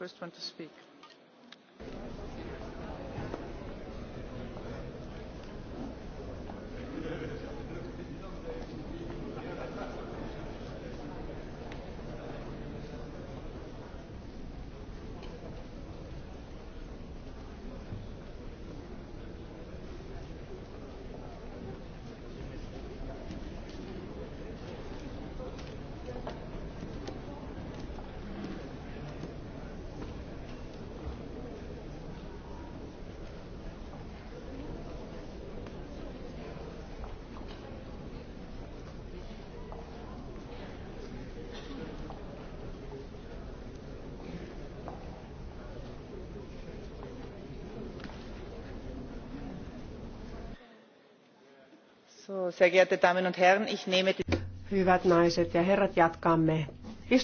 first one to speak. Hyvät naiset ja herrat, jatkamme